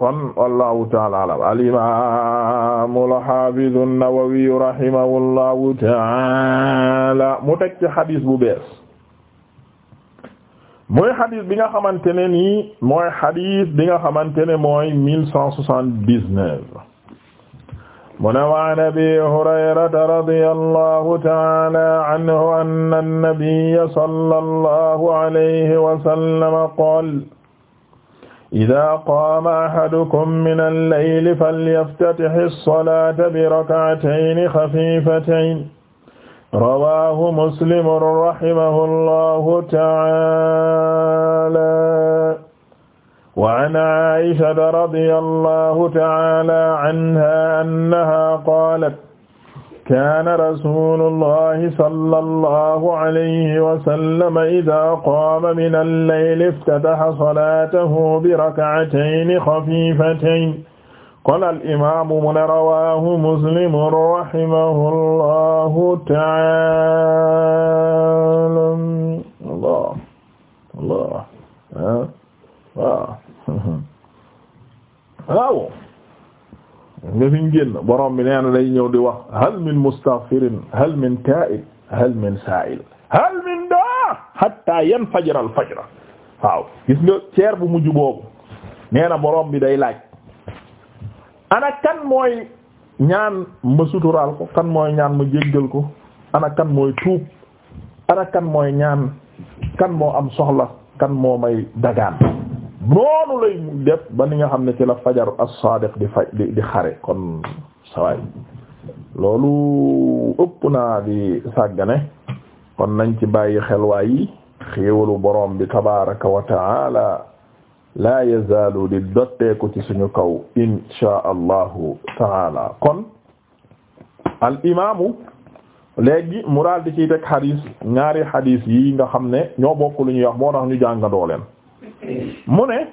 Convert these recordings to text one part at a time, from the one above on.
kon wallahu taala alam alimamu alhafidu an-Nawawi rahimahullahu taala mu teg ci xadis bu bees mooy xadis bi nga xamante ne nii mooy xadis bi nga xamante ne mooy mille cent soixante-dix-neuf mu ne wa an abi hurayrata radiyallahu taala anhu anna an-nabiyya sallallahu alayhi wa sallam qaala idaa qaama ahadukum minal layli falyaftatih as-salaata birak'atayni xafiifatayni rawaahu muslim rahimahullahu ta'aalaa wa an aa'ishata radiyallahu ta'aalaa anhaa annahaa qaalat kaana rasuulullahi sallallahu alayhi wa sallam idaa qaama minal layli iftataha salaatahu bi rak'atayni xafiifatayni qaala al-imaamu mu ne rawaahu muslimun rahimahullahu ta'aala génn borom bi nee na day ñëw di wax hal min mustaghfirin hal min taa'ib hal min saa'il hal min daa hatta yanfajira al fajra waaw gis nga ceer bu mujj boobu nee na borom bi day laaj ana kan mooy ñaan ma suturaal ko kan mooy ñaan ma jéggal ko ana kan mooy tuub ana kan mooy ñaan kan moo am soxla kan moo may dagaan noonu lay def ba ni nga xam ne ci la fajar as-sadiq di xare kon sawaay loolu ëpp naa di sàggane kon nañ ci bàyyi xelwaay yi xéewalu boroom bi tabaraka wa taala laa yazaalu di dotteeku ci suñu kaw inshaa allahu taala kon al imaamu léegi mu daal di ciy xadiis ñaari xadiis yi nga xam ne ñoo bokk lu ñuy wax moo tax ñu jàngandoo leen mu ne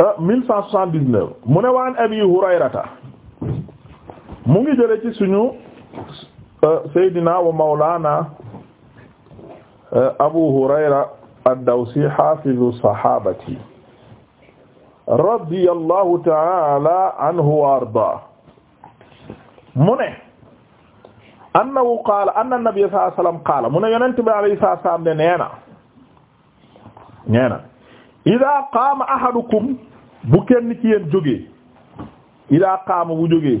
euh, mille cent soixante-dix-neuf mu ne waan abi hurayrata mu ngi jële ci suñu euh, seydina wa mawlana euh, abu hurayra ad-dawsi hafizu sahabati radiyallahu ta'ala anhu wa arda mu ne annahu qaala anna nabiyya sallallahu alayhi wa sallam qaala mu ne yonent bi alayhi salaam ne neena nee na ida qaama ahadukum bu kenn ci yéen jógee ida qaama bu jógee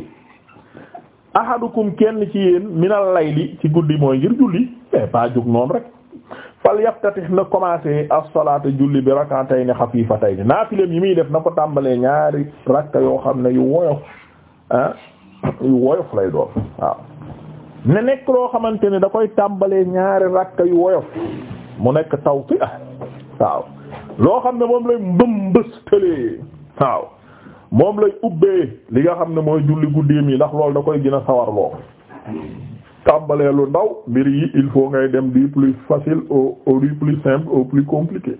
ahadukum kenn ci yéen lay layli ci guddi mooy ngir julli mais pas jóg noonu rek fal yaftatih na commencé as-salaata julli bi rak'atayn xafiifatayn naafileem yi muy def na ko tàmbalee ñaari rakka yoo xam ne yu woyof ah yu woyof lay doon waaw ne nekk loo xamante ne da koy tàmbalee ñaari rakka yu woyof mu nekk tawti ah waaw loo xam ne moom lay mbëmbëstalee waaw moom lay ubbee li nga xam ne mooy julli guddeem yi ndax loolu da koy gën a sawarloo tàmbalee lu ndaw mbir yi il faut ngay dem du plus facile au au du plus simple au plus compliqué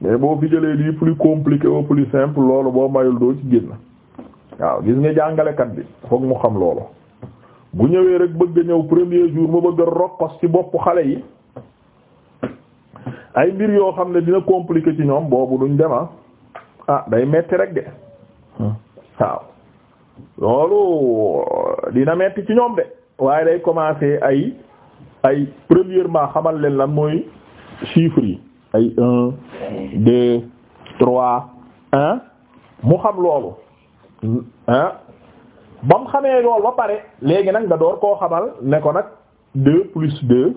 mais boo fi jëlee du plus compliqué au plus simple loolu boo mayul doo ci génn waaw gis nga jàngalekat bi foog mu xam loolu bu ñëwee rek bëgg ñëw premier jour mu bëgg rokos ci boppu xale yi ay mbir yoo xam ne dina compliquer ci ñoom boobu duñ dema ah. ah day metti rek de hmm. waaw loolu dina metti ci ñoom de waaye day commencé ay ay premièrement xamal leen lan mooy chiffres yi ay un deux trois un mu xam loolu ba mu xamee loolu ba pare léegi nag nga door koo xamal ne ko nag deux plus deux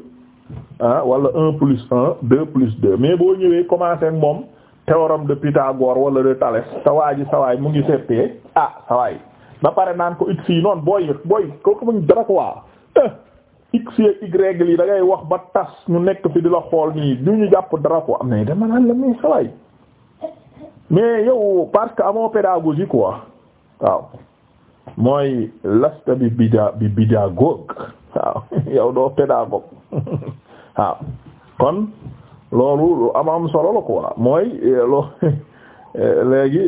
ah wala un plus un deux plus deux mais boo ñëwee commencé ak moom théorème de Pythagore wala de Thalès sawaay ji mu ngi seetee ah sawaay ba pare naan ko x yi noonu booy booy kooku muñ dara quoi eh, x yi da ngay wax ba tas ñu nekk fi di la xool nii du ñu jàpp dara quoi am na dama naan la muy sawaay mais yow parce que amoo pédagogie quoi waaw mooy lasta bi bida bi pédagogue waaw yow doo pédagogue waaw kon loolu lu am am solo la quoi mooy eh, loo eh, léegi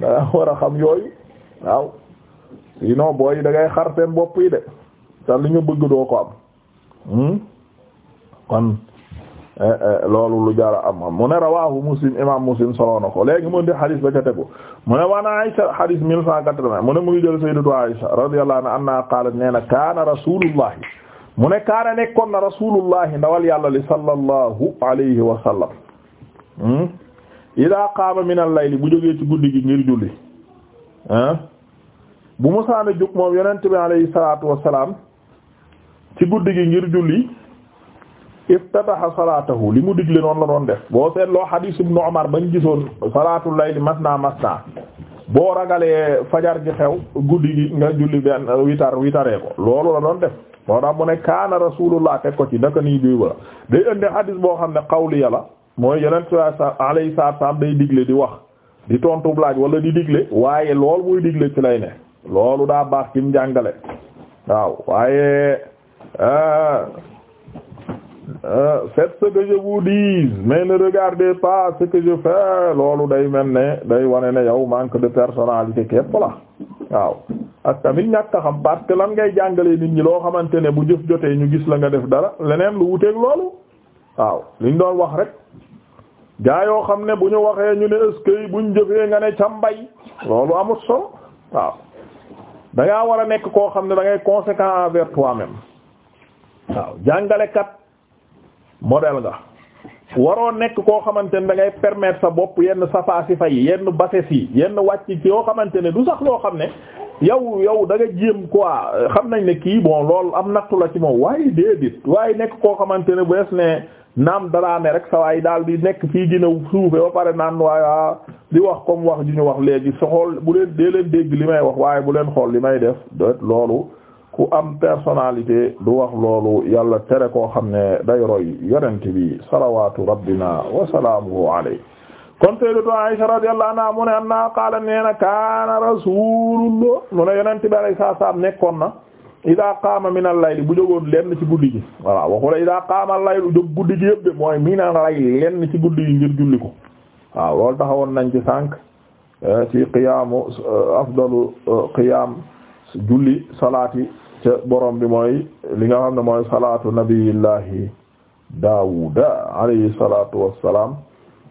da war a xam yooyu waaw sinon booy yi da ngay xar seen bopp yi de te li ñu bëgg doo ko am hmm? kon. Eh, eh, loolu lu jara am am mu ne rawahu muslim imam muslim soloo ko léegi mu di hadis ba ca tegu mu ne wana Aisha hadis mille cent quatre mu ne mu ngi jël sayyidatu Aisha radiyallahu anha anna qalat nee na kaana rasulullahi mu ne kaana nekkoon na rasulullahi ndawal yàlla li sallallahu alayhi wa sallam hmm? ida qaama min al-layli bu jógee ci guddi gi ngir julli ah bu musaana jóg moom yonent bi alayhi salatu wassalam ci guddi gi ngir julli iftataha salaatahu li mu digle noonu la doon def boo seetloo hadith ibn Umar bañ gisoon salaatul layli masna masna boo ragalee fajar gi xew guddi gi nga julli benn witar witaree ko loolu la doon def moo tax mu ne kaana rasulullah teg ko ci naka nii bii wala day indi hadith boo xam ne qawli la mooy yeneen sa alayhi salaam day digle di wax di tontu laaj wala di digle waaye loolu muy digle ci lay ne loolu daa baax ci njàngale waaw waaye. Ah, faites euh, ce que je vous dise mais ne regardez pas ce que je fais loolu day mel ne day wane ne yow manque de personnalité képp la waaw ak tamit ñàkk xam parce que lan ngay jàngalee nit ñi loo xamante ne bu jëf jotee ñu gis la nga def dara leneen lu wuteeg loolu waaw liñ doon wax rek gaa yoo xam ne bu ñu waxee ñu ne eskay buñ jëfee nga ne cambay loolu amut solo waaw da ngaa war a nekk koo xam ne da ngay conséquent envers toi-même waaw jàngalekat. modèle nga waroo nekk koo xamante ne da permettre sa bopp yenn safaasi fay yenn bases yi yenn wàcc ci yoo xamante ne du sax loo xam ne yow yow da nga jéem quoi xam nañ ne kii bon loolu am nattu la ci moom waaye déedéet waaye nekk koo xamante ne bu des ne naam dalaa rek sa waay daal di nekk fii gën a suufe ba pare naan waaye ah, di wax comme wax ju ñu wax léegi so xool bu leen dee leen dégg li may wax waaye bu leen xool li may def doot loolu ku am personnalité du wax loolu yàlla tere koo xam ne day roy yonent bi salawaatu rabbina wa salaamuhu alayhi kon sayyidatu Aisha radiyallahu anha mu ne anna qaala nee na a rasulullah mu ne yonent bi alayhi salaam nekkoon na ida qaama min al-layl bu jógoon lenn ci guddi gi voilà waxula ida qaama al-layl jóg guddi gi yëpp de mooy min al-layl ci guddi gi ngir julli ko waaw loolu taxawoon nañ ci sànq eh, ci qiyaamu eh, afdalu eh, qiyaam julli salaati ca borom bi mooy li nga xam ne mooy salaatu nabiyillahi daawuda alayhi salaatu wassalaam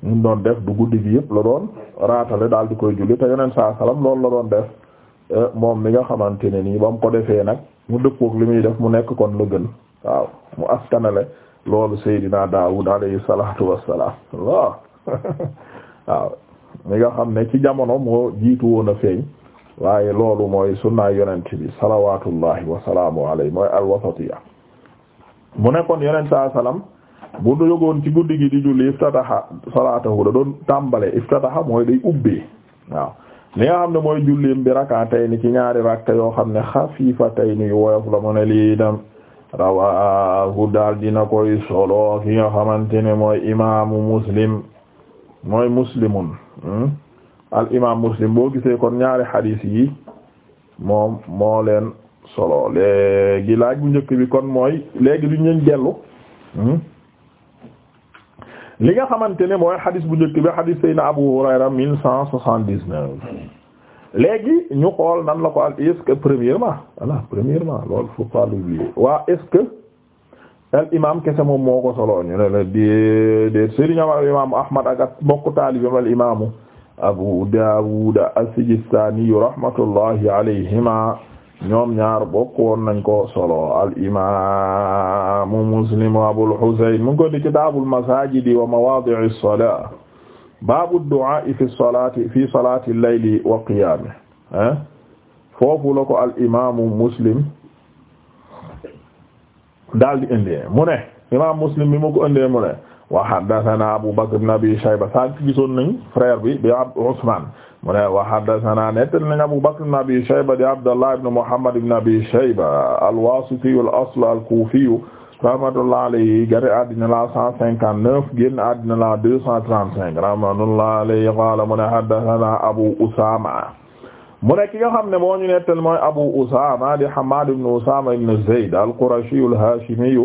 ñu doon def du guddi gi yëpp la doon raatale daal di koy julli te yeneen saa salam loolu la doon def eh, moom mi nga xamante ne nii ba mu ko defee nag mu dëppook li muy def mu nekk kon la gën waaw mu askanale loolu Seydina Daawud alayhi salaatu wassalaam waaw waaw mi nga xam ne ci jamono moo jiitu woon a feeñ waaye loolu mooy sunna yonent bi salawatullahi wasalaamu alayhi mooy alwasatiya mu nekkoon yonent saa salaam bu dogoon ci guddi gi di julli iftataha salaatahu da doon tàmbale iftataha mooy day ubbee waaw li nga xam ne mooy jullim bi rak'atayni ci ñaari rakka yoo xam ne xafiifatayni yu woyof la mu ne lii dem rawaahu daal dina koy solo nga xamante ne mooy imaamu muslim mooy muslimun hmm? al imaam muslim boo gisee kon ñaari xadiis yi moom moo leen solo léegi laaj bu njëkk bi kon mooy léegi du ñu dellu hmm? li nga xamante ne mooy xadiis bu njëkk bi xadiis sayna Abu Hurayra léegi ñu xool nan la ko al est-ce que premièrement voilà premièrement loolu faut pas l'oublier waa est al imaam kese moom moo ko solo ñu ne la déedéet Serigne imaamu Ahmad ak ak mbokku taalibeem al imaamu abu daawud as-sijistaani rahmatullahi alayhima ñoom ñaar bokk woon nañ ko solo al imaamu muslim abul husayn mu ngi ko di kitaabul masaajidi wa mawaadi'i as-salaat baabu du'aa'i fi salaati fi salaati al-layli wa qiyaamihi eh? foofu la ko al imaamu muslim daal di indee mu ne imaam muslim bi mu ko indee mu ne wa haddathana Abu Bakr ibn Abi Shayba sànq gisoon nañ frère bi di Abd Usman mu ne wa haddathana nettali nañ Abu Bakr ibn Abi Shayba di Abdallah ibn Muhammad ibn Abi Shayba al-Wasiti al-asl al-Kufi rahmatullah alayhi gane àddina la 159 génn àddina la 235 rahmatullah alayhi qala mu ne haddathana Abu Usama mu nekk nga xam ne moo ñu nettali mooy Abu Usama di Hammad ibn Usama ibn Zayd al-Qurashi al-Hashimi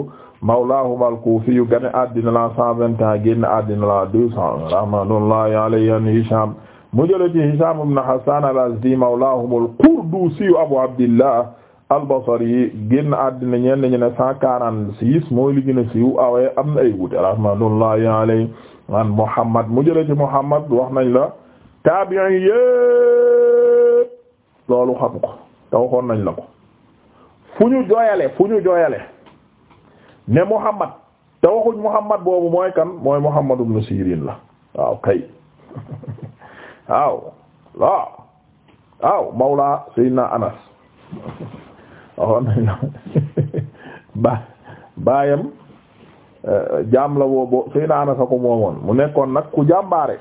mawlaahuma al-Kuufi gane addina la cent vingt ans génn addina la deux cent rahmatullahi an Hisham mu jële Hisham ibn Hasan al-Azdi mawlaahum al-Qurdusi Abu Abdillah al-Basri génn addina ñenn ñi ne cent quarante mooy li a siiw awee ah am na ay wute rahmatullahi an Muhammad mu jële Muhammad wax nañ la taabi'in yépp loolu xam ko te waxoon la ko fu ñu jooyale fu ñu jooyale ne Muhammad te waxuñ Muhammad boobu mooy kan mooy Muhammad ibn Sirin la waaw kay waaw waaw waaw mawla Seydina Anas baayam eh, jaam la boobu Seydina Anas a ko moomoon mu nekkoon nag ku jàmbaare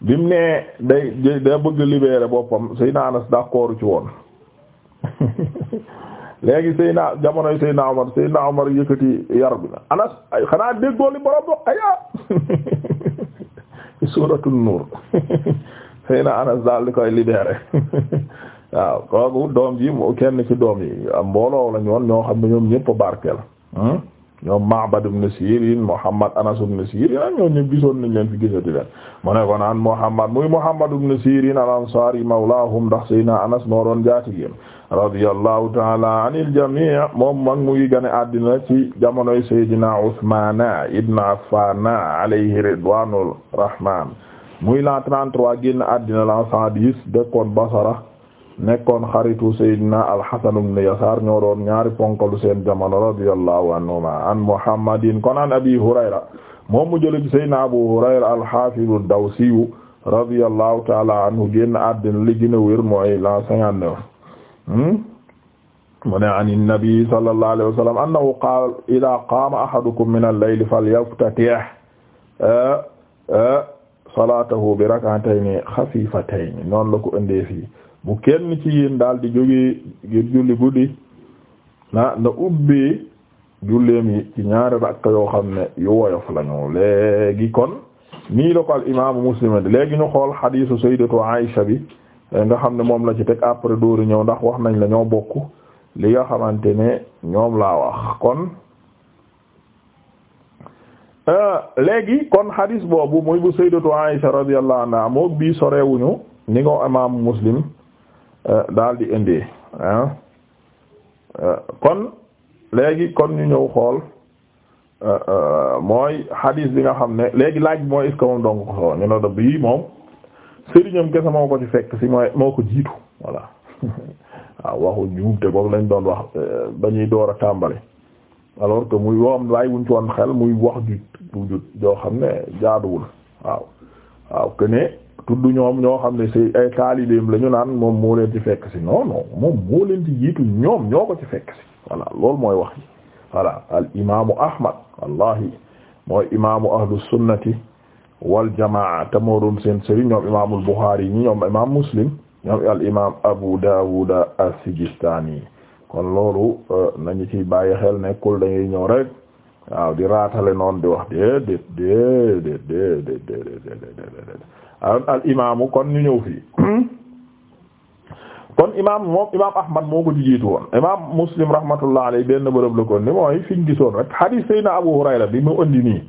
bi nee day day bëgg libérer boppam Seydina Anas d'accord ci woon léegi Seydina jamonoy Seydina Omar Seydina Omar yëkkati yar bi na Anas xanaa déggoo li borom wax ayaa suuratul nuur Seydina Anas daal di koy libéré waaw kooku doom ji kenn ci doom yi mbooloo la ñoon ñoo xam ne ñoom ñëpp barkeel hmm? ñoom Ma'bad ibn Sirin Muhammad Anas ibn Sirin ak ah, ñoom ñëpp gisoon nañ leen fi gisati leen mu ne ko naan Muhammad muy Muhammad ibn Sirin al-Ansari mawlaahum ndax Seydina Anas moo doon jaati radiyallahu taala anil jamii moom mag mu ngi gane addina ci jamonoy ibn Affaana alayhi ridwaanur rahmaan muy la 33 génn addina la 110 dëkkoon Basra nekkoon xaritu Seydina al-Hasan ibn Yasaar ñoo doon ñaari ponkalu seen jamono radiyallahu anhuma an Muhammadin kon an Abi Hurayra moom mu jël Abu Hurayra al-Haafidu ad-Dawsiyu radiyallahu taala anhu génn addina li gën a wér mooy la Hmm? mu ne an nabi sallallahu alayhi wa sallam annahu qaala idaa ahadukum min al-layli falyaftatih eh, eh, salaatahu bi rak'atayni xafiifatayni noonu la ko indee fii bu kenn ci yéen daal di jógee ngir julli guddi na na ubbee julleem yi ci ñaari rakka yoo xam ne yu woyof lañu léegi kon nii la ko al imaamu muslim léegi ñu xool hadiisu sayyidatu Aisha bi Eh, nga xam ne moom la ci teg après dóori ñëw ndax wax nañ la ñoo bokk li nga xamante ne ñoom laa wax kon eh, léegi kon hadis boobu muy bu sayyidatu Aisha radiyallahu anha moo bii sorewuñu ni nga imaamu Muslim eh, daal di indee ah. kon léegi kon ñu ñëw xool mooy hadis bi nga xam ne léegi laaj bi mooy est-ce que moom dong ko ñu ne da bii moom sëriñam kese moo ko ci fekk si mooy moo ko jiitu voilà waaw ah, waxu njuumte boobu lañ doon wax euh, ba ñuy door a tàmbali alors que muy woom laay wuñ ci woon xel muy wax ju ju joo xam ne jaaduwul waaw waaw que ne tudd ñoom ñoo xam ne si ay taalibeem la naan moom moo leen ci fekk si non moom moo leen ci jiitu ñoom ñoo ko ci fekk si voilà loolu mooy wax yi voilà al imaamu Ahmad wallahi mooy imaamu ahlu sunnati wal jamaa te moo doon seen sëriñ ñoom imaamul Buxaari ñi ñoom imaam Muslim ñoom al imaam Abu Dawud as-Sijistani kon loolu euh, nañu ci bàyyi xel nekkul dañuy ñëw rek waaw di raatale noonu di wax déedéet déedéet déedéet al imaamu kon ñu ñëw fii kon imaam moom imaam Ahmad moo ko jiitu woon imaam Muslim rahmatullah alayhi benn bërëb la ko ni mooy fi ñu gisoon rek hadith Seydina Abu Hurayra bi mu andi nii.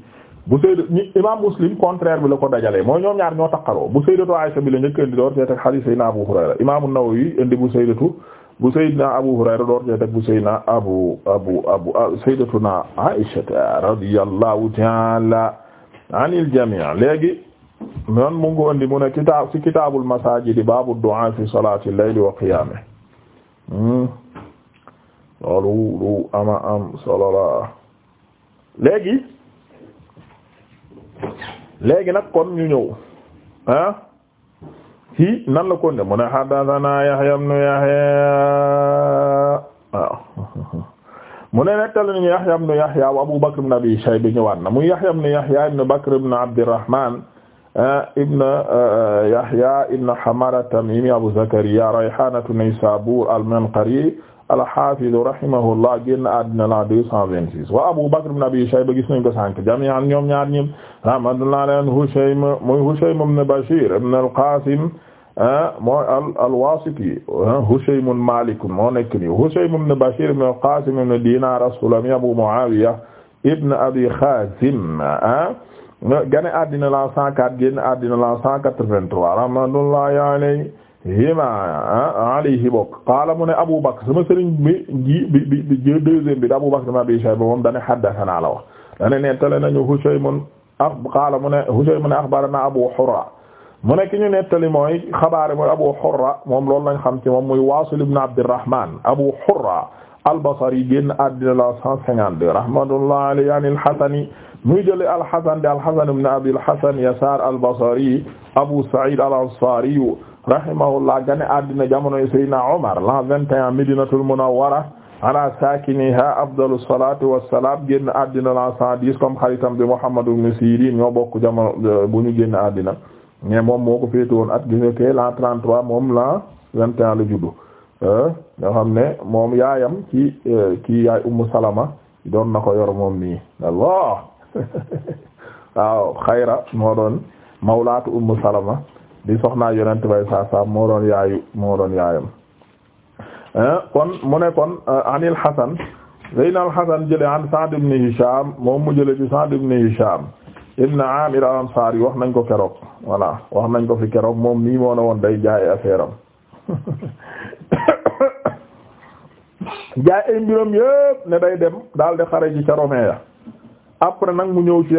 bu sayyidat ñi muslim contraire bi la ko dajalee mooy ñoom ñaar ñoo taqaloo bu sayyidatu Aisha bi la njëkk indi door cee teg hadith sayyidina Abu Hurayra imam an-Nawawi indi bu sayyidatu bu sayyidina Abu Hurayra door cee teg bu sayyidina abu abu abu ah, sayyidatuna Aisha radiyallahu ta'ala anil jami' léegi noon mu ngi indi mu ne kitaab ci kitaabul masaajid baabu du'aa hmm. ama am solo la léegi nag ko ñu ñëw ah ci nan la kon de mu ne haddathana Yahya ibn Yahya waaw mu ne nettali nañu Yahya ibn Yahya Abu Bakr ibn Abi Shayba ñëwaat na muy Yahya ibn Yahya ibn Bakr ibn Abdirrahman ah, ah, Yahya ibn Hamara Tamimi Abu Zakariya Rayhanatu Naysabur al-Manqari alhafidu rahimahullah génn àddina la deux cent vingt six wa Abu Bakr ibn Abi Shayba gis nañ ko sànk jami'an ñoom ñaar ñim rahmatullah alayhi Hushaym mooy Hushaym ibn Bashir ibn al-Qasim ah, mooy al-Wasiti ah, Hushaym Malik moo nekk ni Hushaym ibn Bashir ibn al-Qasim ibn Dinar as-Sulami Abu Muawiya ibn Abi Khazim ah, gane àddina la cent quatre génn àddina la cent quatre-vingt-trois rahmatullah alayhi hima ah, alayhi bokk qaala mu ne Abu Bakr sama sëriñ bi ji bi bi bi deuxième bi da Abu Bakr ibn Abi Shayba moom dane haddathana la wax dane nettali nañu Hushaymun a ah, qaala mu ne Hushaymun akhbarana Abu Hurra mu ne ki ñu nettali mooy xabaar mooy Abu Hurra moom loolu lañ xam ci moom muy Waasil ibn Abdurrahman Abu Hurra al-Basri génn àddina la 152 rahmatullah alayhi an al-Hasani muy jëlee al-Hasan de al-Hasan ibn Abi al-Hasan Yasar al-Basri Abu Sa'id al-Ansari rahimahullah gane addina jamonoy Seydina Omar l'an 21 Madinatul Munawwara ala sakiniha afdalu salatu wassalam génn addina l'an 110 comme xaritam bi Muhammad ibn Sirin ñoo bokk jamono bu ñu génn addina mais moom moo ko féete woon at gis nga kay l'an 33 moom l'an 21 la juddu euh, nga xam ne moom yaayam ci kii euh, yaay Ummu Salama doon na ko yor moom nii Allah waaw xayra moo doon mawlaatu Ummu Salama di soxnaa yonent bay saa saa moo doon yaayu moo doon yaayam eh, kon mu ne kon eh, anil Hasan zeyna al Hasan jële an Sa'd ibn Hisham moom mu jële de Sa'd ibn Hisham ibn Amir al Ansari wax nañ ko keroog voilà wax nañ ko fi keroog moom nii moo ne woon day jaaye affaire am jaay ay mbiram yëpp ne day dem daal di xare ji ca ya après nag mu ñëw ci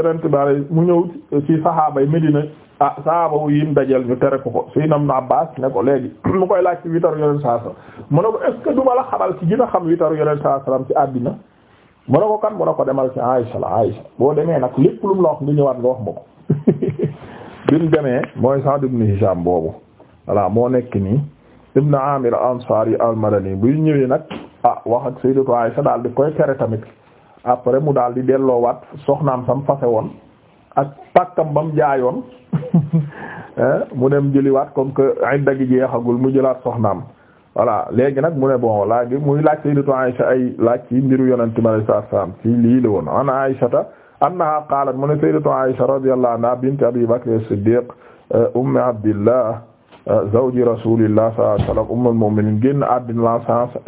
mu ñëw ci saxaaba yi Medina ah saxaaba wu yim dajeel ñu tere ko ko suy nam na Abbaas ne ko léegi mu koy laaj ci witaru yonent saa sallam mu ne ko est ce que duma la xamal ci gën a xam witaru yonent saa ci àddina mu ne ko kan mu ne ko demal ci Aysa la Aysa boo demee nag lépp lu mu la wax nga ñëwaat nga wax ma ko bi mu demee mooy Sa'd ibn Hisham boobu voilà moo nekk nii ibn Amir al-Ansari al-Madani buy ñëwee nag ah wax ak Sayyidatu Aysa daal di koy tere tamit après mu daal di delloowaat soxnaam sam fase woon ak pàkkam ba mu jaayoon mu dem jëliwaat comme que idda gi jeexagul mu jëlaat soxnaam voilà léegi nag mu ne bon laaj muy laaj sayyidatu Aïsha ay laaj ci mbiru yonente mi alayhi salaam ci lii la woon an Aïshata annaha qaalat mu ne sayyidatu Aïsha radiyallahu anha bint Abi Bakr as-Siddiq euh, ummi Abdillah euh, zawji rasulillah sallallahu alayhi wa sallam ummul mu'minin génn àddina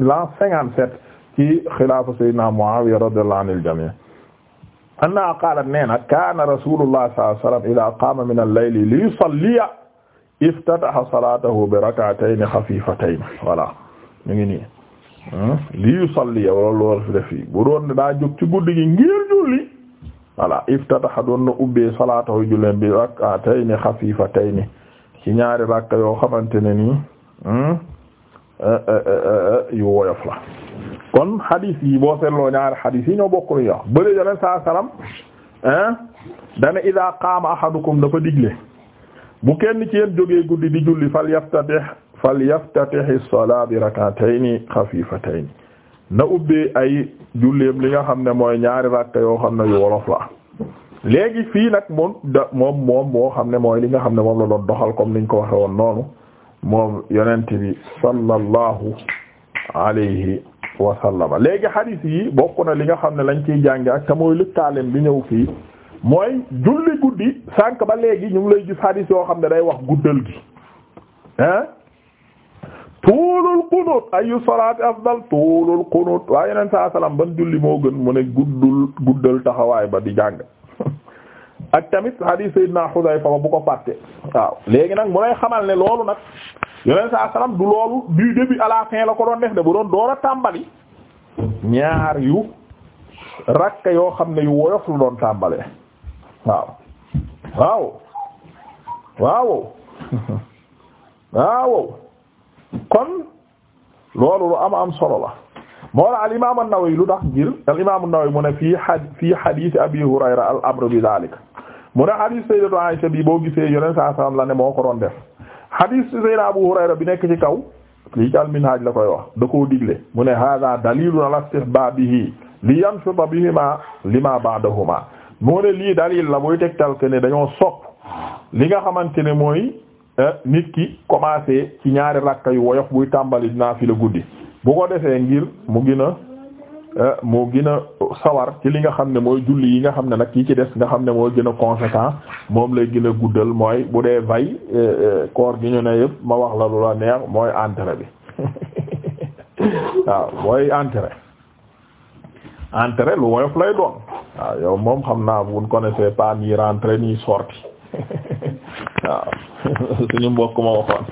l'an cinquante-sept ci xilaafa sayyidina Muawiya radiyallahu anil jami' anna qaalat nee na kaana rasulullah sallallahu alayhi wa sallam idha qaama min al-layli li yusalliya iftataha salatahu bi rak'atayn khafifatayn voilà ñu ngi nii hmm? li yusalliya loolu war fi def bu doon daa jóg ci guddi gi ngir julli voilà iftataha doon na ubbee salatahu julleen bi rak'atayn khafifatayn ci ñaari rakka yoo xamante ne nii hmm? Eh, eh, eh, yu woyof la kon xadiis yi boo seetloo ñaari xadiis yi ñoo bokk lu ñuy wax bële yoneen saa salaam dana idaa qaama ahadukum dafa digle bu kenn ci yéen jógee guddi di julli fal yaftatih fal yaftatih salaa bi rak'atayni xafiifatayni na ubbee ay julleem li nga xam ne mooy ñaari rakka yoo xam ne yu wolof la léegi fii nag moom da moom moom moo xam ne mooy li nga xam ne moom la doon doxal comme niñ ko waxe woon noonu moom yonent bi sallallahu alayhi wa léegi hadith yi bokk na li nga xam ne lañ ciy jànge ak te mooy lëkkaaleem bi ñëw fii mooy julli guddi sànq ba léegi ñu ngi lay gis hadith yoo xam ne day wax guddal gi ah tuulul qunut ayu salaati afdal tuulul qunut waaye yonent saa sallam ban julli moo gën mu ne guddul guddal taxawaay ba di jàng ak tamit hadith Seydina Xudayfa ba bu ko fàtte waaw léegi nag mu lay xamal ne loolu nag yeneen saa salaam du loolu du début la ko doon def de bu doon door a tàmbali ñaar yu rakka yoo xam ne yu woyof lu doon tàmbale waaw waaw waaw waaw kon loolu lu am am solo la. moo la al imaam an lu tax ngir al imaam an-Nawawi mu ne fii xad fii xadiisi Abi Hurayra al amru bi daalika mu ne xadiis Sayyidatu Aysa bi boo gisee Yonent saa la ne moo ko doon def bi nekk ci kaw lii ci al-Minhaaj la koy wax da koo digle mu ne haaza daliilun ala istihbaabihi li yanshuta bihimaa ma ba'dahumaa moo ne lii dalil la booy tegtal ke ne dañoo sopp li nga xamante ne mooy eh, nit ki commencé ci ñaari rakka yu woyof buy tàmbali naafila guddi. bu ko defee ngir mu gina a eh, mu gën a sawar ci li nga xam ne mooy julli yi nga xam ne nag yi ci des nga xam ne mooy gën a conséquent moom lay gën a guddal mooy bu dee vay eh, eh, koor gi ñu ne yëpp ma wax la lu la neex mooy entrée bi waaw mooy entrée entrée lu woyof lay doon waaw yow moom xam naa bu ñu connaissez pas ni rentrée ni sortie waaw suñu mbokk ma waxoon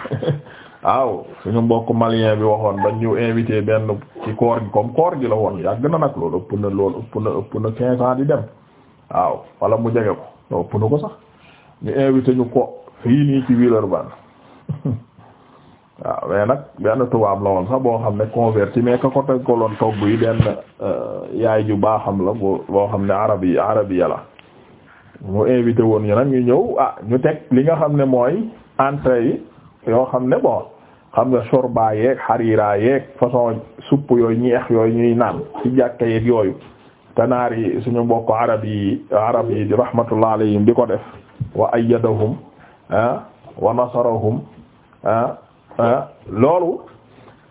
waaw suñu mbokk malien bi waxoon dañ ñu invité benn ci koor gi comme koor la woon yàgg na nag loolu ëpp na loolu ëpp na ëpp na quinze ans di dem waaw wala mu jege ko loolu ëpp na ko sax ñu invité ñu ko fii nii ci Villeurbanne waaw mais nag benn tubaab la woon sax boo xam ne converti mais ka ko teg ko loon togg yi benn euh, yaay ju baaxam la boo xam ne arab yi arab la mu invité woon ñu nag ñu ñëw ah ñu teg li nga xam ne mooy entrée yi yoo xam ne bon xam nga sorba yeeg xarira yeeg façon supp yooyu ñeex yooyu ñuy naan ci jàkka yeeg yooyu tanaar yi suñu mbokk arab yi arab yi rahmatullah alayhim di ko def wa ayyadahum ah, wa nasarahum ah, ah, loolu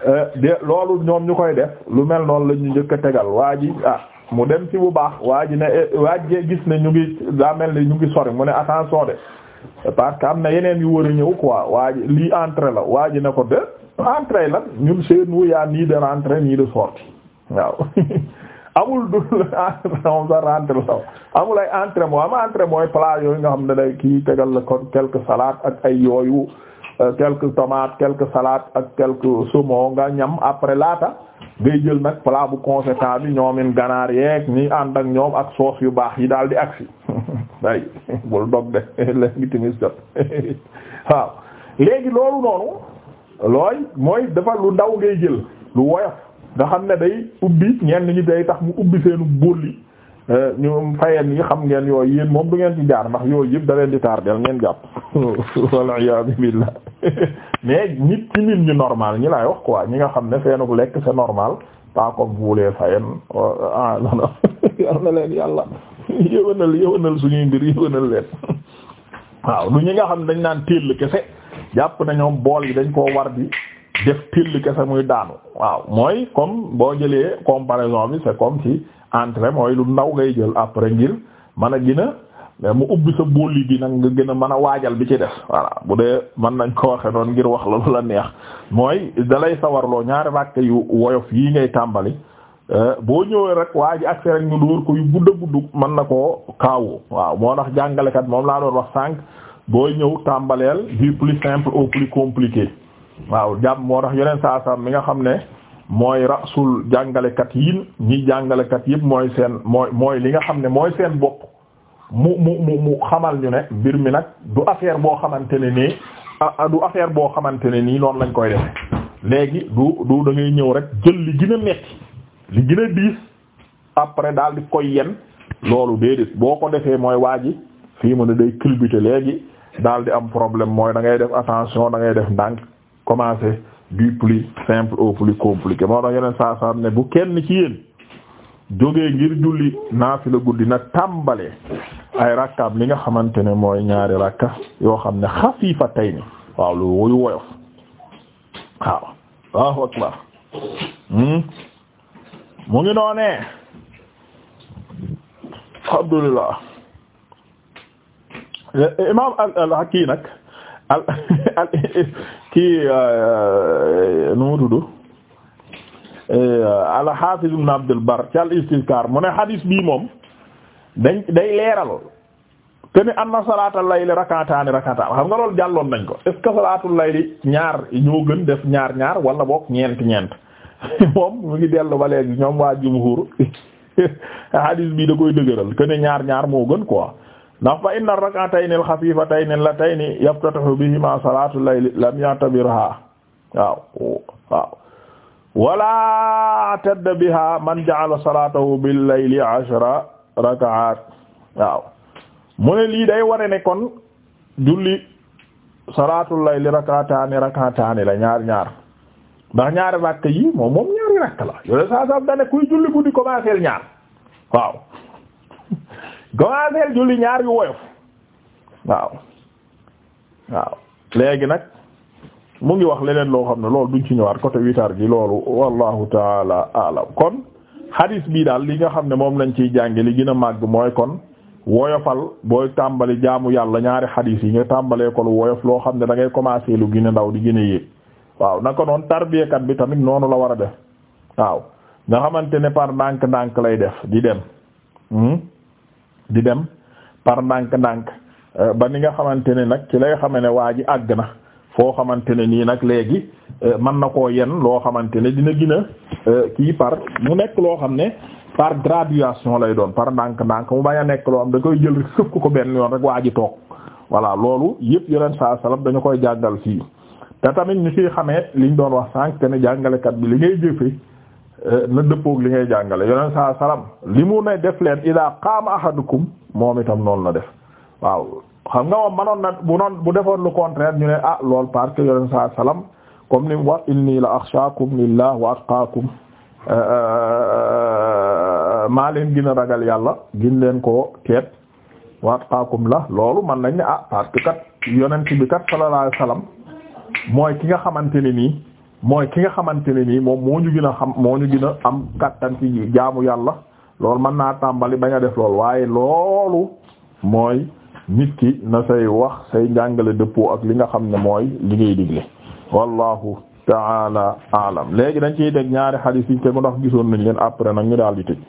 eh, de loolu ñoom ñu koy def lu mel noonu la ñu njëkk a tegal waa ji mu dem ci bu baax waa ji ne eh, waa ji gis ne ñu ngi daa mel ni ñu ngi sori mu ne attention de parce que am na yeneen yu war a ñëw quoi waa ji lii entrée la waa ji na ko de entrée la ñun chez nous y nii ni de rentrée ni de sortie waaw amul du moom sax rentrée amul ay entrée moo am entrée mooy plat yooyu nga xam ne day kii tegal la ko quelques salaat ak ay yooyu euh, quelques tomates quelque salaat ak quelque saumon nga ñam après laata ngay jël nag plat bu conséquent bi ñoomin ganaar yeeg ñi ànd ak ñoom ak soos yu baax yi daal di agsi day bul dog de léegi timis jot waaw léegi loolu noonu looy mooy dafa lu ndaw ngay jël lu woyof nga xam ne day ubbi ngeen ñenn ñu day tax mu ubbi seenu bóolli euh, ñu fayeen yi xam ngeen yooyu yéen moom du ngeen ci jaar ndax yooyu yëpp da leen di del ngeen jàpp wal iyaadu billah mais nit ci nit ñu normal ñi laay wax quoi ñi nga xam ne feenuk lekk c'est normal pas comme vuulee fayen euh, ah non non yal na leen yàlla yëwanal yëwanal suñuy mbir yëwanal leen waaw du ñi nga xam ne dañ naan téll kese jàpp na bool yi dañ koo war bi def téll kese muy daanu waaw mooy comme boo jëlee comparaison bi c'est comme si entrée mooy lu ndaw ngay jël après ngir mën a gën mais mu ubbi sa bóolli gi nag nga gën a mën a waajal bi ci def voilà bu dee mën nañ ko waxe noonu ngir wax la lu la neex mooy dalay sawarloo ñaari ràkk yu woyof yi ngay tàmbali euh, boo ñëwee rek waa ji accès rek ñu dóor ko yu gudd a gudd mën na koo kaawoo waaw moo tax jàngalekat moom laa doon wax sànq boo ñëw tàmbaleel du plus simple au plus compliqué waaw jàmm moo tax yeneen saa saa mi nga xam ne mooy rasul jàngalekat yi ñi jàngalekat yëpp mooy seen mooy mooy li nga xam ne mooy seen bopp mu mu mu mu xamal ñu ne mbir mi nag du affaire boo xamante ne nii ah, ah, du affaire boo xamante ne nii noonu lañ koy defe léegi du du da ñëw rek jël li gën a metti li gën a diis après daal di koy yen loolu déedéet boo ko defee mooy waa ji fii mu ne day culbuté léegi daal di am problème mooy da ngay def attention da ngay def ndànk commencer du plus simple au plus compliqué moo tax yeneen saa ne bu kenn ci yéen. jógee ngir julli la guddi na tàmbalee ay rakkaam li nga xamante ne mooy ñaari rakka yoo xam ne xafiifa tey ni waaw lu wuy woyof waaw waaw akbar hmm? mu ngi noonee alhamdulillah kii nag al kii uh, nu mu tudd Euh, al-Hafiz ibn Abd al moom dañ day leeral te ni am na layli rakataani rakataan xam nga loolu jàlloon nañ ko est ce que salaatul layli ñaar ñoo gën def ñaar ñaar wala boog ñeent ñeent moom mu ngi dellu ba léegi ñoom waa jumhur hadis bii da koy dëgëral que ne ñaar ñaar moo gën ko ndax fa inna tay al-xafifatayni allatayni yaftatahu bihima salaatul layli lam ya'tabirha waaw waaw wala tadda biha man ja'ala salaatahu bil layli ashra rakaat waaw mu ne lii day ware ne kon julli salaatul layli rakaataani rakaataani la ñaar ñaar ndax ñaari rakk yi moom moom ñaari rakk la yooyu saa kuy julli guddi commencer ñaar waaw commencer julli ñaar yu woyof waaw waaw léegi nag mu ngi wax leneen loo xam ne loolu duñ ci ñëwaat côté witar gi loolu wallahu taala alam kon hadis bii daal li nga xam ne moom lañ ciy jànge li gën a màgg mooy kon woyofal booy tàmbali jaamu yàlla ñaari hadis yi nga tàmbalee ko lu woyof loo xam ne da ngay commencé lu gën a ndaw di gën a yéeg waaw naka noonu tarbiyekat bi tamit noonu la war a def waaw nga xamante ne par ndànk-ndànk lay def di dem hmm? dem par ndànk-ndànk eh, ba ni nga xamante ne nag ci lay xame ne waa ji àgg na foo xamante ne nii nag léegi euh, mën na ko yen loo xamante ne dina gina euh, kii par mu nekk loo xam ne par graduation lay doon par ndànk-ndànk mu bañ a nekk loo xam da koy jël sëf ko benn yoon rek waa ji toog voilà loolu yëpp yeneen saa salam dañu koy jàngal fii te tamit ñu ciy xamee liñ doon wax sànq ne jàngalekat bi li ngay jëfe euh, na dëppoog li ngay jàngale yeneen saa salam li mu ne def leen ida qaama ahadukum moom itam noonu la def waaw xam nga moom manoon na bu noon bu defoon lu contraire ñu ne ah lool parce que yoleen saa salaam comme ni wax inni la akhshaakum lillah wa atqaakum euh, euh, euh, maa leen gën a ragal yàlla gin leen koo teet wa atqaakum la loolu man nañ ne ah parce que kat yonent bi kat sallallahu alayhi wasallam mooy ki nga xamante ne nii mooy ki nga xamante ne nii moom moo ñu gën a xam moo ñu gën a am kattan ci jaamu yàlla loolu mën naa tàmbali bañ a def lool waaye loolu mooy nit ki na say wax say njàngale dëppoo ak li nga xam ne mooy li ngay digle wallahu taala alam léegi dañ ci teg ñaari xadis yi tegu ndax gisoon nañ leen après nag ñu daal di tëj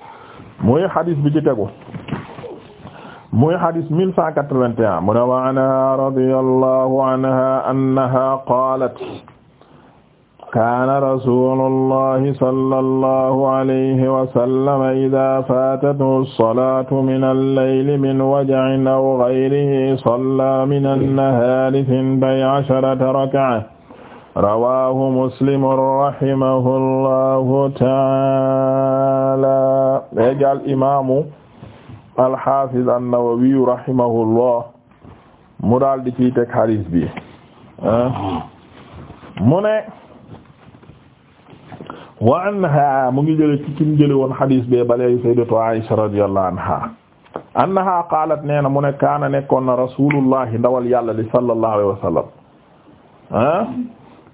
muy xadis bi ci tegu muy xadis mille cent quatre-vingt-un mu ne wa anha radiyallahu anha annaha qalat kaana rasuulullahi sallallahu alayhi wa sallam idaa faatathu salaatu mina al-layli min waj'in aw ghayrihi sallaa mina an-nahaari isnatay asharata rak'a rawaahu muslimun rahimahullahu ta'aalaa. Léegal imaamu al-haafiz an-Nawawi rahimahullah mu daal di ciy teg hadiis bi ah. mu ne. wa anha mu ngi jële ci kim jële woon hadis be balay sayyidatu Aisha radiyallahu anha annaha qaalat nee na mu ne kaana nekkoon na rasulullahi ndawal yàlla li sallallahu alayhi wa sallam ah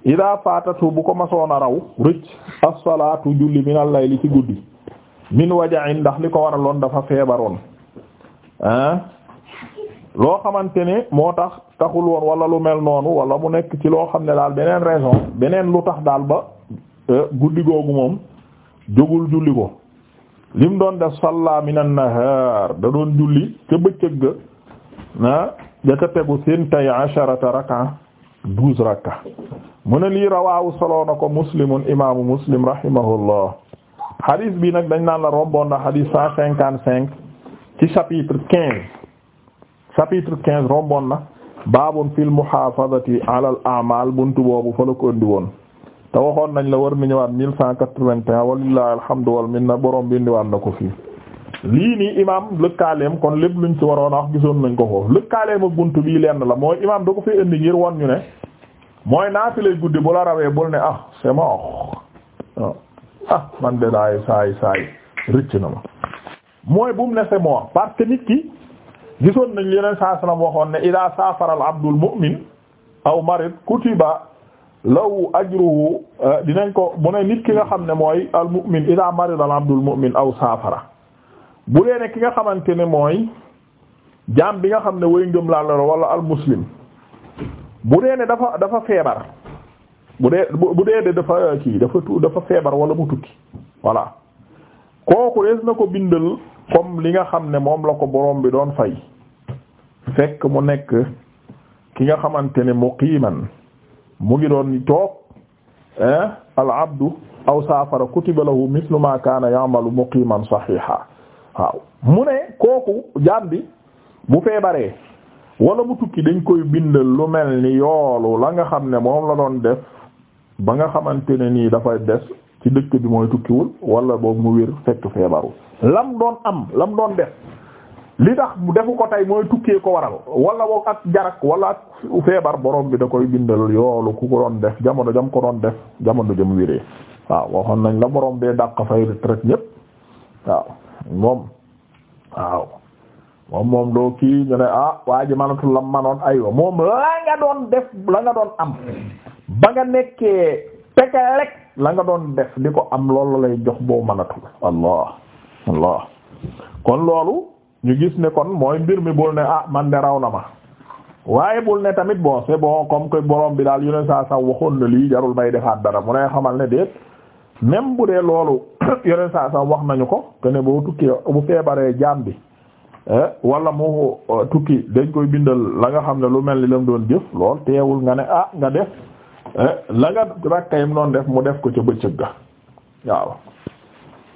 ida faatatu bu ko masoon a raw rëcc as-salaatu julli min al-layli ci guddi min waja'in ndax li ko waraloon dafa feebaroon loo xamante ni moo tax taxul woon wala lu mel noonu wala mu nekk ci loo xam ne daal beneen raison beneen lu tax daal ba Euh, guddi googu moom jógul julli ko lim doon de salla min an-nahar da doon julli ca bëccëg ga ah tegu sintay asharata raka douze raka mu ne lii rawaawu soloo na ko muslimun imaamu muslim rahimahullah hadith bi nag dañ naan la romboon na hadith cent cinquante cinq ci chapitre quinze chapitre quinze romboon na baabun fil muhaafazati ala a'maal buntu boobu fa la ko indi te waxoon nañ la war ni nañu waat mille cent quatre vingt am walillahi alhamdu wal minna borom bi indiwaat na ko fii. lii nii imaam lëkkaaleem kon lépp luñ ci waroon a gisoon nañ ko foofu lëkkaaleem ak bunt bii lenn la mooy imaam da ko fi indi ngir wan ñu ne mooy naafilay guddi bu la rawee bul ne ah c'est mort oh. ah man de daay saay saay rëcc na ma. mooy bu ne c'est mort parce que nit ki gisoon nañ yeneen saa salaam waxoon ne ila saafara al abdul mu'min aw marid kutiba law ajruhu eh, dinañ ko mu ne nit ki nga xam ne mooy al mu'min ida marida al abdul mu'min aw saafara bu dee ne ki nga xamante ne mooy jaam bi nga xam ne way ngëm laa loro wala al bu dee ne dafa dafa feebar bu dee bu dee de dafa kii dafa tu dafa feebar wala mu tukki voilà kooku des na ko bindal comme li nga xam ne moom la ko borom bi doon fay fekk mu nekk ki nga xamante ne muqiman mu ngi doon toog al abdu aw saafara kutiba balawu mislu ma kaana ya'malu muqiman sahiha waaw mu ne kooku jaam bu feebaree wala bu tukki dañ koy bindal lu mel ni yoolu la nga xam ne moom la doon def ba nga xamante ne nii dafay des ci dëkk bi mooy tukkiwul wala boobu mu wér fekk feebaru lam doon am lam doon def li tax mu defu ko tey mooy tukkee ko waral wala boog ak jarak wala feebar borom bi da koy bindal yoolu ku ko doon def jamono jam ko doon def jamono jam wéree waaw waxoon nañ la borom bee dàq fay retraite moom waaw moom ah waa ji manatul la manoon aywa moom la nga doon def la nga doon am ba nga nekkee pekelek la nga doon def di ko am loolu lay jox boo manatul allah allah kon loolu ñu gis ne kon mooy mbir mi bul ne ah man de raw na ma waaye bul ne tamit bon c'est bon comme que borom bi daal yoneen saa sam waxoon na lii jarul may defaat dara mu ne xamal ne déet même bu dee loolu yoneen saa sam wax nañu ko que ne boo tukki bu feebaree jaam bi eh, walla mu uh, tukki dañ koy bindal la nga xam ne lu mel ni lam doon jëf lool teewul nga ne ah nga def eh, la nga rakkayim noonu def mu def ko ca bëccëg ga waaw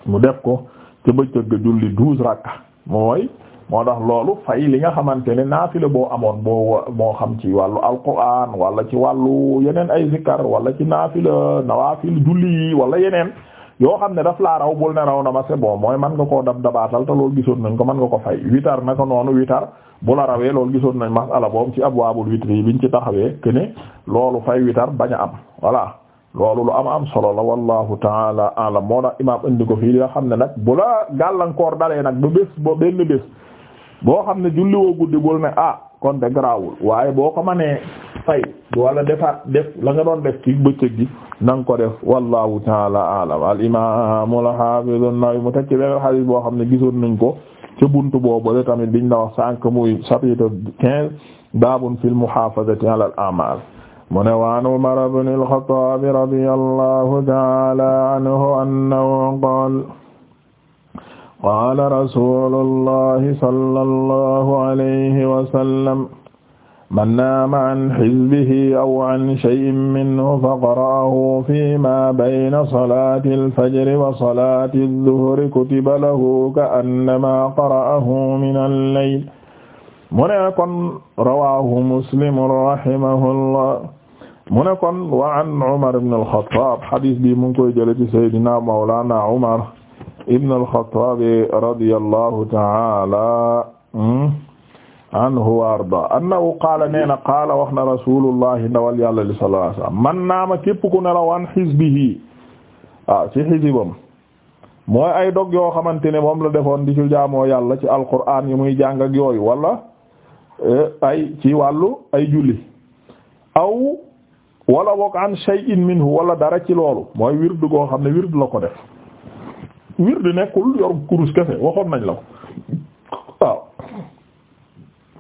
mu def ko ca bëccëg ga julli douze rakka mooy moo tax loolu fay li nga xamante ne naafila boo amoon boo moo xam ci wàllu alquran wala ci wàllu yeneen ay zikar wala ci naafila nawaafil julli yi wala yeneen yoo xam ne daf laa raw bul ne raw na ma c'est mooy mën nga koo dab dabaatal te lool gisoon nañ ko mën nga ko fay witar naka noonu witar bu la rawee loolu gisoon nañ masala boobu ci abwaabul witri yi biñ ci taxawee que ne loolu fay witar bañ a am voilà loolu lu am am solo la wallahu taala alam moo tax imaam indi ko fii nga xam ne nag bu la gàllankoor dalee nag bo bés ba benn boo xam ne julli woo guddi bul ne ah kon de waaye boo ko mënee fay wala defaat def la nga doon def ci bëccëg gi na nga ko def wallahu taala alam al imaamul haafiz an-Nawawi mu teg ci beneen xadiis boo xam ne gisoon nañ ko ci buntu boobu la tamit la sànq muy chapitre quinze babun mu ne waan Umar ibn al-Khattab radiyallahu ta'ala anhu annahu qaala qaala rasulullahi sallallahu alayhi wa sallam man naama an hizbihi aw an shay'in minhu faqara'ahu fiima bayna salaati al-fajri wa salaati adh-dhuhri kutiba lahu ka'annamaa qara'ahu min al-layl mu ne kon rawaahu Muslim rahimahullah mu ne kon wa an Umar ibn al-Khattab hadis bi mu ngi koy jële ci Seydina Mawlana Umar ibn al-Khattab radiyallahu ta'ala hmm, anhu wa arda na qaala wax na rasulullahi ndawal yàlla li sallallahu alayhi wasallam man naama képp ku nelaw an hizbihi ah, ci hizibam mooy ay dog yoo xamante ne moom la defoon di ci jaamoo yàlla ci alquraan yi muy jàng ak yooyu wala eh, ay ci wàllu ay julli aw wala boog an shay'in minhu wala dara ci loolu mooy wirdu goo xam ne wirdu la ko def wirdu nekkul yor kurus kese waxoon nañ la ko waaw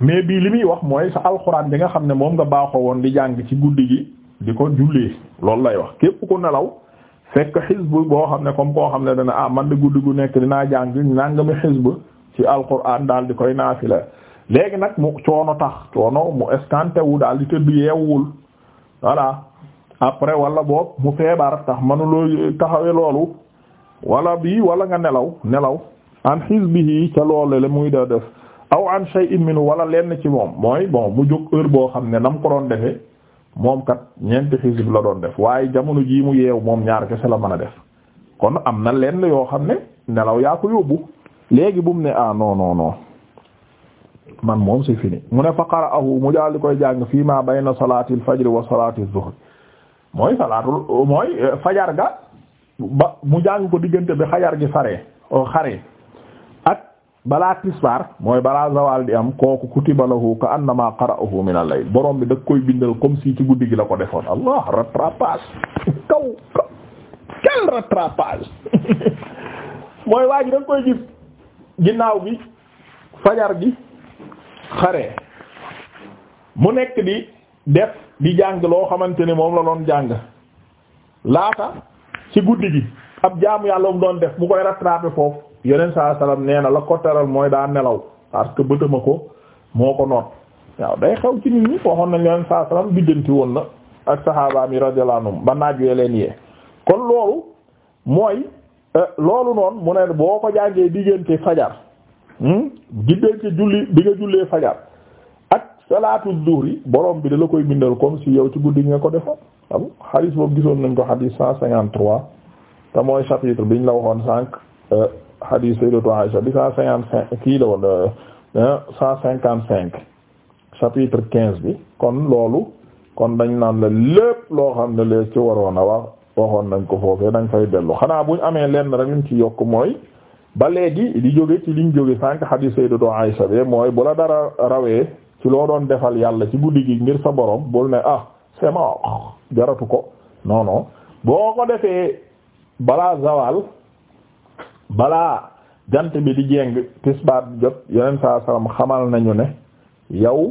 mais bii li muy wax mooy sa alxuraan bi nga xam ne moom nga baaxoo woon di jàng ci guddi gi di ko jullee loolu lay wax képp ku nelaw fekk xisb boo xam ne comme koo xam ne dana ah man de guddi gu nekk dinaa jàng nangami xisb ci alxuraan daal di koy naafila léegi nag mu coono tax coono mu escanté wu daal di tëdd yeewul voilà après wala boobu mu feebar tax manuloo taxawe loolu wala bii wala nga nelaw nelaw an hizbihi ca loolu le muy da def aw an shay'in minhu wala lenn ci moom mooy bon mu jóg heure boo xam ne nam ko doon defee moom kat ñeenti xisib la doon def waaye jamono jii mu yeew moom ñaar kese la mën a def kon am na lenn yoo xam ne nelaw yaa ko yóbbu léegi bu ne ah no non non man moom c'est fini mu ne fa qara'ahu mu daal di koy jàng fii ma bayna salaati al wa salaati az mooy salaatul mooy euh, fajar ga ba mu jàng ko diggante bi xajar gi faree euh, xaree ak balaa tisbaar mooy balaa zawaal di am kooku kutiba lahu ka annama qara'ahu min al-layl borom bi da koy bindal comme si ci guddi gi la ko defoon allah rattrapage kaw kaw quel mooy waa ji koy gis ginnaaw bi fajar gi xare mu nekk di def di jàng loo xamante ni moom la doon jàng laata ci guddi gi ab jaamu yàlla mu doon def mu koy rattraper foofu yeneen saa salaam nee na la ko mooy daa nelaw parce que bëtama ko moo ko noot waaw day xew ci nit ñi waxoon nañ yeneen saa salaam biddanti woon na ak saxaabaam yi radiyallahu anhum ba naaj wee leen yee kon loolu mooy euh, loolu noon mu ne boo ko jàngee diggante fajar Hmm? diggante julli bi nga jullee fajar ak salaatu zuhri borom bi da la koy bindal comme si yow ci guddi nga ko defa xam xadis boobu gisoon nañ ko xadis cent cinquante trois te mooy chapitre biñ la waxoon sànq euh, xadis Sayyidatu Aisha bi cent cinquante cinq kii la woon euh, cent cinquante cinq chapitre quinze bi kon loolu kon dañ naan la lépp loo xam ne lees ci waroon a wax waxoon nañ ko foofee dañ fay dellu xanaa buñ amee leen rek liñ ci yokk mooy ba léegi di jóge ci liñ jóge sànq xadiis Sayyidatu Aysa be mooy bu la dara rawee ci loo doon defal yàlla ci guddi gi ngir sa borom bool ne ah c'est jaratu ko non non boo ko defee balaa zawal balaa jant bi di jéng tisbaat jot yeneen saa salaam xamal nañu ne yow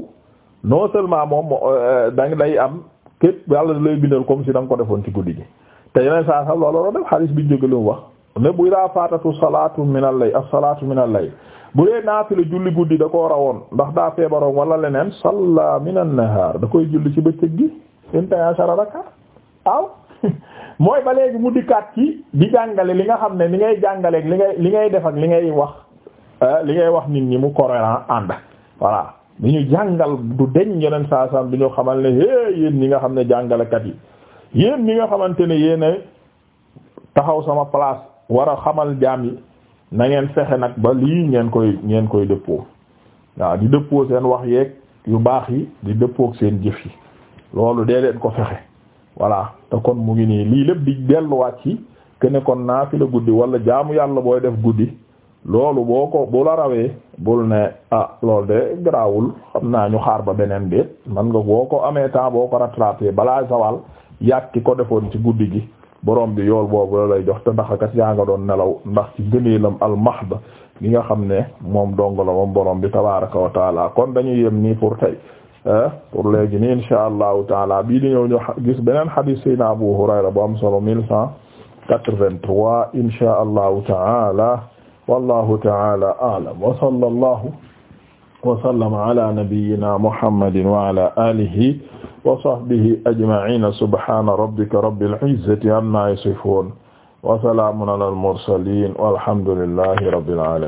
non seulement moom euh, dang day am képp yàlla da lay bindal comme si da nga ko defoon ci guddi gi te yeneen saa salaam loolu def xadiis bi ñu jóge wax. ne bu daa faatatu salaatu minal lay as-salaatu minal lay bu dee naafila julli guddi da koo rawoon ndax daa feebaroon wala leneen salla minan da koy julli ci bëccëg gi seen tayaasara raka waaw mooy ba léegi mu dikkaat ci di jàngale li nga xam ne li ngay jàngaleek li ngay li ngay def ak li ngay wax eh, li ngay wax nit ñi mu cohérent ànd voilà li ñu jàngal du deñ yeneen saa saam bi ñu xamal ne é yéen ñi nga xam ne jàngalekat yi yéen ñi nga xamante ne yéen taxaw sama place war xamal jaam yi na ngeen fexe nag ba lii ngeen koy ngeen koy dëppoo waaw di dëppoo seen wax yeeg yu baax yi di dëppook seen jëf yi loolu dee leen ko fexe voilà te kon mu ngi nii lii lépp di delluwaat ci que ne kon la guddi wala jaamu yàlla booy def guddi loolu boo ko bu la rawee bul ne ah loolu de garaawul xam naa ñu xaar ba beneen déet man nga boo ko amee temps boo ko rattrapé balaa zawal yàq ki ko defoon ci guddi gi borom bi yool boobu la lay jox te ndax yaa nga doon nelaw ndax ci gëneelam almahda li nga xam ne moom dong la moom borom bi tabaraka wa taala kon dañuy yem nii pour tey eh, pour léegi nii insha allahu taala bii di ñëw ñu gis beneen hadith sayna Abu Hurayra bu am solo mille cent quatre-vingt-trois insha allahu taala wallahu taala a'lam wa sallallahu wa sallama ala nabiyyina muhammadin wa ala alihi wa sahbihi ajma'ina subhana rabbika rabbil izzati amma yasifun wa salamun ala al mursalin walhamdulillahi rabbil alamin